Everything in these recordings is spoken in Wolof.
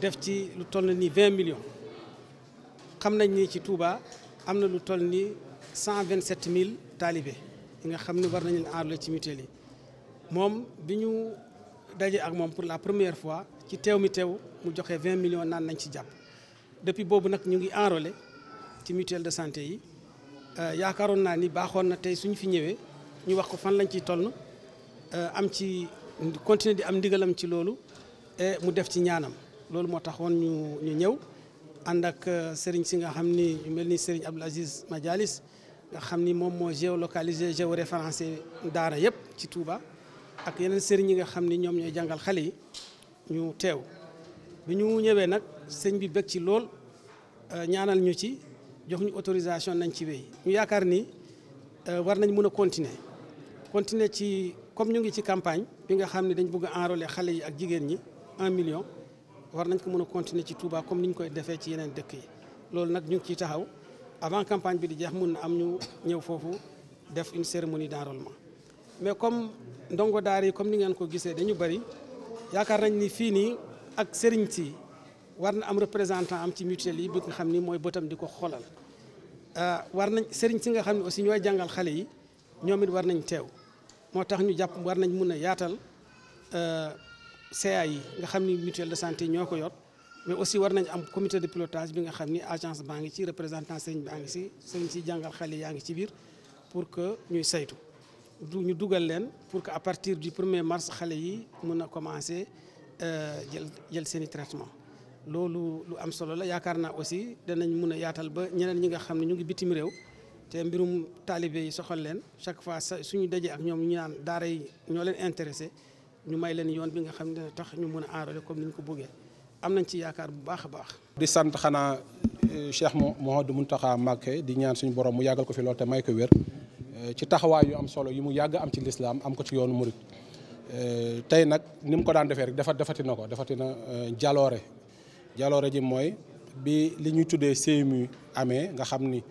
def ci lu toll nii vingt millions xam nañ ni ci Touba am na lu toll nii cent vingt sept mille taalibe nga xam ne war nañu enrôler ci mutuelle yi moom bi ñu dajee ak moom pour la première fois ci teew mi teew mu joxe vingt millions naan nañ ci jàpp depuis boobu nag ñu ngi enrôler ci mutuel de santé yi euh, yaakaaroon naa ni baaxoon na tey su ñu fi ñëwee ñu wax ko fan lañ ciy toll euh, am ci continuer di am ndigalam ci loolu mu def ci ñaanam. loolu moo taxoon ñu ñu ñëw ànd ak euh, sëriñ si nga xam ni ñu mel ni sëriñ Abdoul Aziz Madialis nga xam ni moom moo géolocalisé géoréférencé daara yëpp ci Touba ak yeneen sëriñ yi nga xam ni ñoom ñooy jàngal xale yi ñu teew bi ñu ñëwee nag sëñ bi bëgg ci lool euh, ñaanal ñu ci jox ñu autorisation nañ ci wey ñu yaakaar ni euh, war nañ mën a continuer continuer ci comme ñu ngi ci campagne bi nga xam ne dañ bëgg a enrôler xale yi ak jigéen ñi un million war nañ ko mën a continuer ci Touba comme ni koy defee ci yeneen dëkk yi loolu nag ñu ngi ciy taxaw avant campagne bi di jeex mun na am ñu ñëw foofu def une cérémonie d'enrôlement mais comme ndongo daar yi comme ni ngeen ko gisee dañu bëri yaakaar nañ ni fii nii ak sëriñ ci war na am représentant am ci mutuel yi bi nga xam ni mooy bëtam di ko xolal euh, war nañ sëriñ si nga xam ne aussi ñooy jàngal xale yi ñoom it war nañ teew moo tax ñu jàpp war nañ mun a yaatal euh, CAI, nga xamni mutuelle de santé ñoko yott mais aussi war nañ am comité de pilotage bi nga xamni agence baa ci représentant sëñ baa ci si sëñ si jàngal xale yaa ngi ci bir pour que ñuy saytu du ñu duggal leen pour que à partir du 1er mars xali yi mëna commencer euh jël jël seen traitement lolu lu am solo la yaakaar aussi danañ mën a yaatal ba ñeneen ñi nga xamni ñu ngi bitim rew té mbirum talibé yi soxal leen chaque fois suñu dajé ak ñom ñu naan daara yi ñoo leen intéressé ñu may leen yoon bi nga xam ne tax ñu mën a aarale comme ko bëggee am nañ ci yaakaar bu baax a baax. di sant xanaa eh, Cheikh Mouhamadou muntaha Mbacké di ñaan suñu borom mu yàggal ko fi lool te may ko wér eh, ci taxawaay yu am solo yu mu yàgg am ci lislaam am ko ci yoonu murit eh, tey nag ni mu ko daan defee rek dafa defati na ko defati jaloore jaloore ji mooy bi li ñuy tuddee CMU amee nga xam ni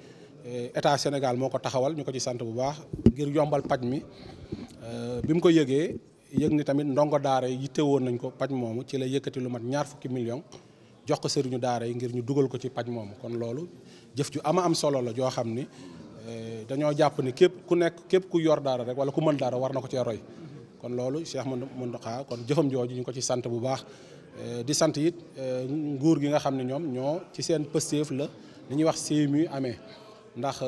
état Sénégal moo ko taxawal ñu ko ci sant bu baax ngir yombal paj mi ko yëgee. yëg ni tamit ndongo daara yi yitte woon nañ ko paj moomu ci la yëkkati lu mat ñaar fukki million jox ko sëriñu daara yi ngir ñu dugal ko ci paj moomu kon loolu jëf ju ama am solo la joo xam ni eh, dañoo jàpp ni képp ku nekk képp ku yor daara rek wala ku mën daara war na ko cee roy kon loolu Cheikh Mountakha kon jëfam jooju ñu ko ci sant bu baax eh, di sant it eh, nguur gi nga xam ne ñoom ñoo ci seen pësteef la li ñuy wax CMU amee ndax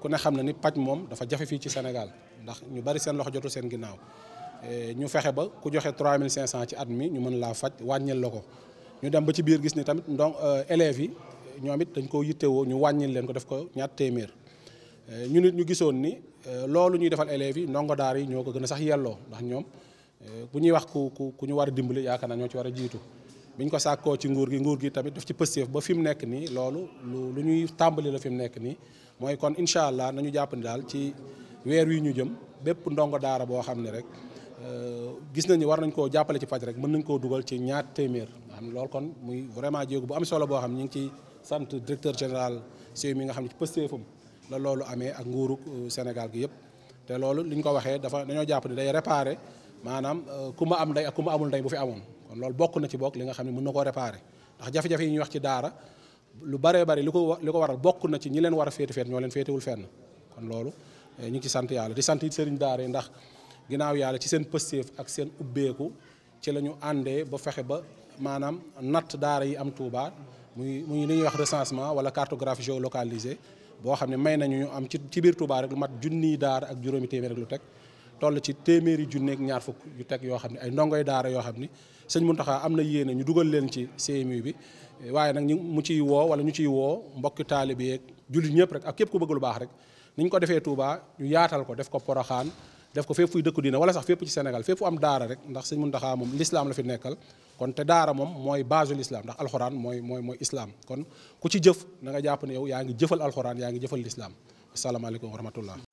ku ne xam na ni paj moom dafa jafe fii ci Sénégal ndax ñu bari seen loxo jotu seen ginnaaw Eh, ñu fexé ba ku joxé 3500 ci at mi ñu mëna laa fajj wàññil lako ñu dem ba ci biir gis ni tamit donc eh, élève yi ñomit dañ ko koo wo ñu wàññil leen ko def ko ñaat témir eh, ñu nit ñu gisoon ni loolu ñuy defal élève yi ndongo daari ñoko gëna ko sax yello ndax ñom bu ñuy wax ku ku ku ñu wara dimbali yaaka na ñoo ci wara jitu biñ ko sakko ci nguur gi nguur gi tamit def ci pëstéef ba fim nek ni loolu lu ñuy tambali la fim nek ni moy kon inshallah nañu japp ni ci wër wi ñu jëm bép ndongo daara bo xamni rek Euh, gis nañu war nañ koo jàppale ci faj rek mën nañ koo dugal ci ñaar téeméer nga xam ne loolu kon muy vraiment jéego bu am solo boo xam ñu ngi ci sant directeur général CIO mi nga xam ne ci pëstéefam loolu amee ak nguuru euh, Sénégal gi yëpp te loolu li ko waxee dafa dañoo jàpp ne day réparer maanaam euh, ku ma am ndey ku ma amul ndey bu fi amoon kon loolu bokk na ci bokk li nga xam ne mën na koo réparer ndax jafe yi ñuy wax ci daara lu baree bari ko li ko waral bokk na ci ñi leen war a féete féet ñoo leen féetewul fenn kon ci sant yàlla di sant it sëriñ daara yi ndax ginnaaw yàlla ci seen pëstéef ak seen ubbeeku ci la ñu àndee ba fexe ba maanaam nat daara yi am Touba muy muy li ñuy wax recensement wala cartographie géolocalisée boo xam ne may nañu ñu am ci ci biir Touba rek lu mat junniy daara ak juróomi téeméer lu teg toll ci téeméeri junneeg ñaar fukk yu teg yoo xam ne ay ndongoy daara yoo xam ni sëñ Mountakha am na yéene ñu dugal leen ci CMU bi waaye nag ñu mu ciy woo wala ñu ciy woo mbokki taalibe yeeg jullit ñëpp rek ak képp ku bëgg lu baax rek ni ko defee Touba ñu yaatal ko def ko Poroxaan def ko fépp fuy dëkku diina wala sax fépp ci Sénégal fépp fu am daara rek ndax sëñ Muntaxa moom l'islam la fi nekkal kon te daara moom mooy base de ndax alxuraan mooy mooy mooy islam kon ku ci jëf na nga jàpp ne yow yaa ngi jëfal alxuraan yaa ngi jëfal l'islam asalaamaaleykum wa rahmatullah